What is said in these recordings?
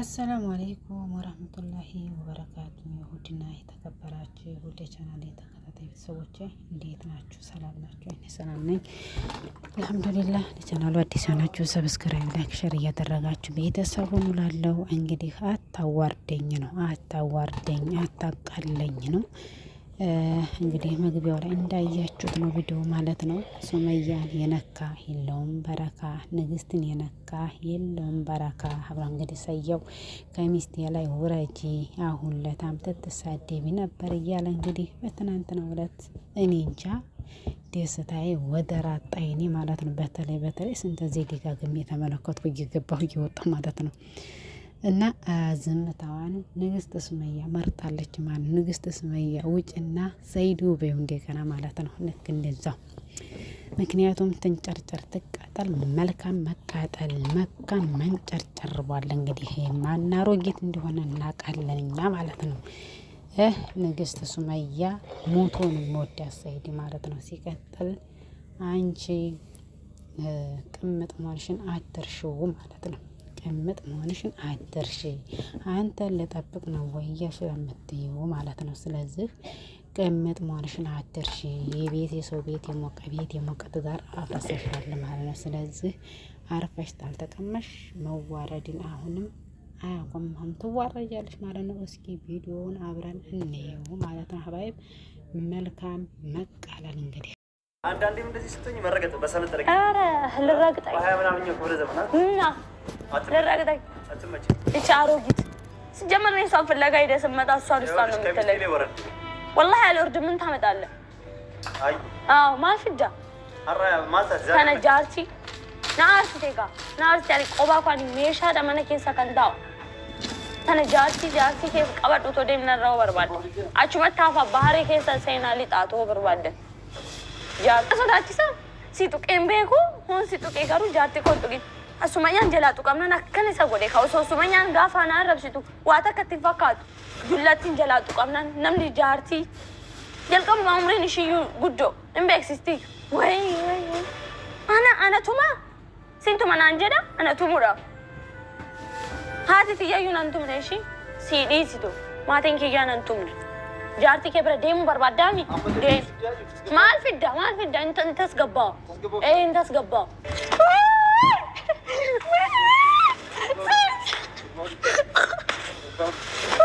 አሰላሙ አሌይኩም ወረህመቱላሂ ወበረካቱ። የውድና የተከበራችሁ ውድ ቻናል የተከታታይ ቤተሰቦች እንዴት ናችሁ? ሰላም ናችሁ? እኔ ሰላም ነኝ አልሐምዱሊላህ። ለቻናሉ አዲስ ናችሁ፣ ሰብስክራይብ፣ ላይክ፣ ሸር እያደረጋችሁ ቤተሰብ ሁኑ። ላለው እንግዲህ አታዋርደኝ ነው፣ አታዋርደኝ፣ አታቃለኝ ነው እንግዲህ መግቢያው ላይ እንዳያችሁት ነው ቪዲዮ ማለት ነው። ሱመያን የነካ የለውም በረካ፣ ንግስትን የነካ የለውም በረካ። አብራ እንግዲህ ሰየው ከሚስቴ ላይ ውረጂ አሁን ለታም ትትሳደቢ ነበር እያለ እንግዲህ በትናንትና ሁለት እኔ እንጃ ደስታዬ ወደ ራጣይኔ ማለት ነው። በተለይ በተለይ ስንት ጊዜ ደጋግሜ የተመለከትኩ እየገባሁ እየወጣ ማለት ነው። እና ዝምታዋን ንግስት ሱመያ መርጣለች ማለት ነው። ንግስት ሱመያ ውጭና ዘይድ ውበዩ እንደገና ማለት ነው። ልክ እንደዛው ምክንያቱም ትንጨርጨር ትቃጠል፣ መልካም መቃጠል፣ መካም መንጨርጨር ቧለ እንግዲህ ማና ሮጌት እንደሆነ እናቃለን እኛ ማለት ነው። ይህ ንግስት ሱመያ ሞቶን ሞዳ ሰይድ ማለት ነው። ሲቀጥል አንቺ ቅምጥ ሟልሽን አትርሽው ማለት ነው። ልትቀመጥ መሆንሽን አትርሺ። አንተን ልጠብቅ ነው ወያ ስለምትይው ማለት ነው። ስለዚህ ቅምጥ መሆንሽን አትርሺ። የቤት የሰው ቤት የሞቀ ቤት የሞቀ ትዳር አፍርሰሻል ማለት ነው። ስለዚህ አርፈሽ ታልተቀመሽ መዋረድን አሁንም አያቆምም ትዋረጃለሽ ማለት ነው። እስኪ ቪዲዮውን አብረን እንየው ማለት ነው። ሀባይብ መልካም መቃለል እንግዲህ አንዳንዴም እንደዚህ ስትሆኝ መረገጥ በሰነጠረ ልረግጠ ምናምን ረግጠኝ እቺ አሮጊት ሲጀመር እኔ እሷን ፍለጋ ሄደህ ስመጣ እሷን እሷን ነው የምትለኝ። ወላሂ አልወርድም። ምን ታመጣለህ? አዎ ማልፍዳ ከነ ጃርቲ ናአርሲ ቴጋ ናአርሲ ያለ ቆባ ኳኒ ሜሻ ደመነ ኬሳ ከንዳው ከነ ጃርቲ ጃርቲ ኬስ ቀበድ ኡቶ ደም ነራው በርባደ አቹ መታፋ ባህሬ ኬሳ ሰይና ሊጣቶ በርባደ ጃርቲ ሶዳቺሳ ሲጡቄን ቤኩ ሆን ሲጡቄ ጋሩ ጃርቲ ኮንጡቂት Assumayyaan jalaa tuqamnan akkana isa godhe ka'u. Assumayyaan gaafa anaan rabsitu waan akka ittiin fakkaatu jullattiin jalaa tuqamnan namni jaartii jalqabuma umriin ishiyyuu guddoo hin beeksisti. Wayi wayi ana anatuma siintuma naan jedha anatumudha. Haati xiyyayyuu nan tumne ishii sii dhiisitu maatiin kiyyaa nan tumne. Jaartii kee bira deemuu barbaaddaa mi? Maal fidda maal fidda intas gabbaa. Ee intas gabbaa. Oh, shit.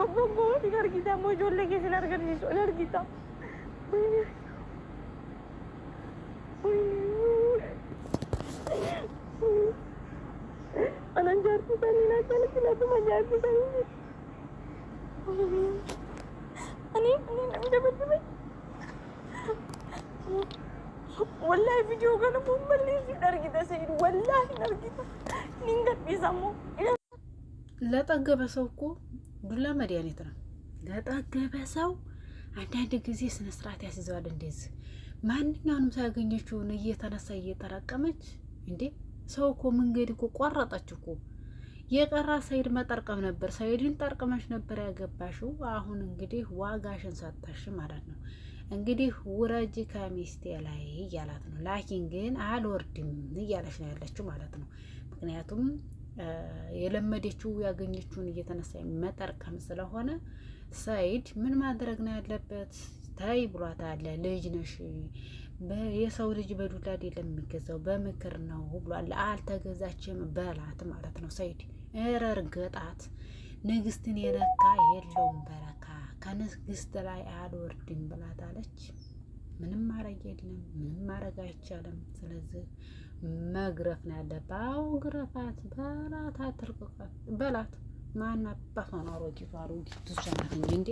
ጮቦንጎ ይገርጊታ ሞጆለጌ ስለርገን ይሶ ለርጊታ አናንጃርቱ ታኒና ካለ ስለቱ ማንጃርቱ ታኒ እኔ እኔ ነው ደበደበ ወላሂ ቪዲዮ ጋር ነው ምን ይደርግታ ሰይድ ወላሂ ነርጊታ ንንገብ ይዛሙ ለጠገበ ሰው እኮ ዱላ መድኃኒት ነው። ለጠገበ ሰው አንዳንድ ጊዜ ስነ ስርዓት ያስይዘዋል። እንደዚህ ማንኛውንም ሳያገኘችውን እየተነሳ እየጠረቀመች እንዴ ሰው እኮ መንገድ እኮ ቆረጠች እኮ የቀራ ሰይድ መጠርቀም ነበር። ሰይድን ጠርቅመች ነበር ያገባሽው። አሁን እንግዲህ ዋጋሽን ሰጠሽ ማለት ነው። እንግዲህ ውረጅ ከሚስቴ ላይ እያላት ነው። ላኪን ግን አልወርድም እያለች ነው ያለችው ማለት ነው። ምክንያቱም የለመደችው ያገኘችውን እየተነሳ መጠርቀም ስለሆነ ሰኢድ ምን ማድረግ ነው ያለበት? ታይ ብሏታል። ልጅ ነሽ፣ የሰው ልጅ በዱላ አይደለም የሚገዛው በምክር ነው ብሏል። አልተገዛችም በላት ማለት ነው። ሰኢድ እረር ንግስትን የነካ የለውም በረካ፣ ከንግስት ላይ አልወርድም ብላታለች። ምንም ማድረግ የለም፣ ምንም ማድረግ አይቻልም። ስለዚህ መግረፍ ነው ያለብህ። አዎ ግረፋት፣ በላት፣ አትልቅቃት፣ በላት። ማን አባቷ ነው አሮጊቷ? አሮጊት ሻናት እንጂ እንዴ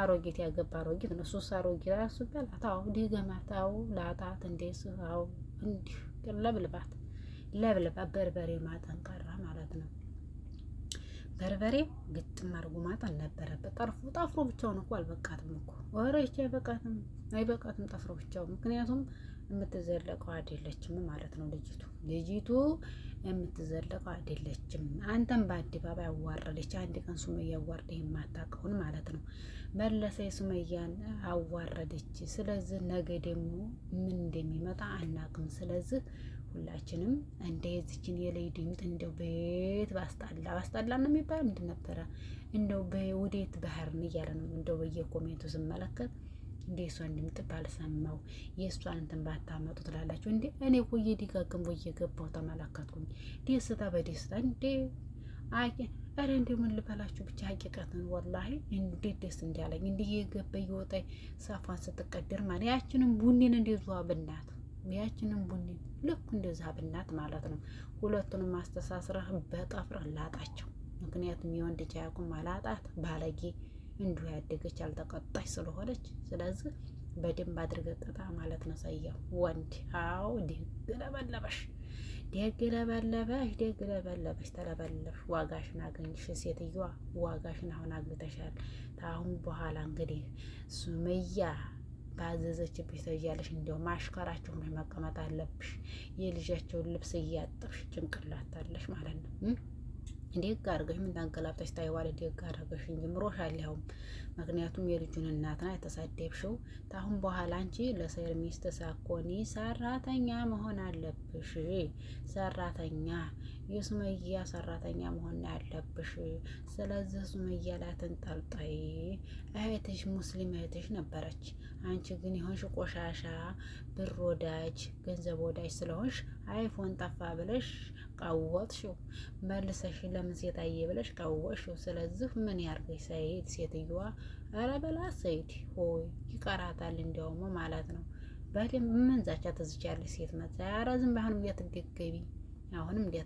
አሮጊት ያገባ አሮጊት ነው ሱስ አሮጊት ራሱ። በላት፣ አዎ ድገማት፣ አዎ ላጣት፣ እንዴስ፣ አዎ እንዲህ ለብልባት፣ ለብልባት። በርበሬ ማጠን ቀረ ማለት ነው። በርበሬ ግጥም አድርጎ ማጠን ነበረበት። ጠርፎ ጠፍሮ ብቻውን እኮ አልበቃትም እኮ ወረች፣ አይበቃትም፣ አይበቃትም ጠፍሮ ብቻው ምክንያቱም የምትዘለቀው አይደለችም ማለት ነው። ልጅቱ ልጅቱ የምትዘለቀው አይደለችም። አንተም በአደባባይ አዋረደች። አንድ ቀን ሱመያ አዋርደ የማታውቀውን ማለት ነው መለሰ የሱመያን አዋረደች። ስለዚህ ነገ ደግሞ ምን እንደሚመጣ አናውቅም። ስለዚህ ሁላችንም እንደ የዚችን የላይ ድምፅ እንደው ቤት ባስጣላ ባስጣላ ነው የሚባለው ምንድን እንደው በውዴት ባህርን እያለ ነው እንደው በየኮሜንቱ ስመለከት እንደሷ የሷን ድምጥ የእሷን እንትን ባታመጡ ትላላችሁ እንዴ? እኔ እኮ እየደጋገምኩ እየገባሁ ተመለከትኩኝ። ደስታ በደስታ እንዴ አቂ ኧረ እንደው ምን ልበላችሁ ብቻ ሀቂቀትን ወላሂ እንዴት ደስ እንዳለኝ እንዲህ እየገባ እየወጣ ሳፋን ስትቀደር ማለት ያችንም ቡኒን እንደዛ ብናት ያችንም ቡኒን ልክ እንደዛ ብናት ማለት ነው። ሁለቱንም አስተሳስረህ በጠፍረህ ላጣቸው። ምክንያቱም የወንድ ጃያቁም አላጣት ባለጌ እንዲሁ ያደገች ያልተቀጣች ስለሆነች፣ ስለዚህ በደንብ አድርገህ ቅጣ ማለት ነው። ሰየው ወንድ አዎ፣ ደግ ለበለበሽ፣ ደግ ለበለበሽ፣ ደግ ለበለበሽ፣ ተለበለብሽ፣ ዋጋሽን አገኝሽ። ሴትዮዋ ዋጋሽን አሁን አግኝተሻል። ታሁን በኋላ እንግዲህ ሱመያ ባዘዘችብሽ ተያለሽ። እንዲያው ማሽከራቸው ላይ መቀመጥ አለብሽ። የልጃቸውን ልብስ እያጠብሽ ጭንቅላት አለሽ ማለት ነው። እንዴት አድርገሽ ምን ታንገላብጠሽ ታይዋል? እንዴት አድርገሽ ጀምሮሻል። ይኸውም ምክንያቱም የልጁን እናትና የተሳደብሽው ታሁን በኋላ አንቺ ለሰር ሚስት ሳኮኒ ሰራተኛ መሆን አለብሽ። ሰራተኛ የሱመያ ሰራተኛ መሆን ያለብሽ። ስለዚህ ሱመያ ላይ ተንጠልጣይ። እህትሽ ሙስሊም እህትሽ ነበረች። አንቺ ግን የሆንሽ ቆሻሻ ብር ወዳጅ ገንዘብ ወዳጅ ስለሆንሽ አይፎን ጠፋ ብለሽ ቀወጥሽው፣ መልሰሽ ለምን ሴታዬ ብለሽ ቀወጥሽው። ስለዚህ ምን ያርገሽ ሰይድ? ሴትዮዋ ኧረ በላት ሰይድ ሆይ ይቀራታል፣ እንዲያውም ማለት ነው። በደንብ ምን ዛቻ ትዝቻለሽ ሴት መጣ። ኧረ ዝም ባሁን እያትገገቢ አሁንም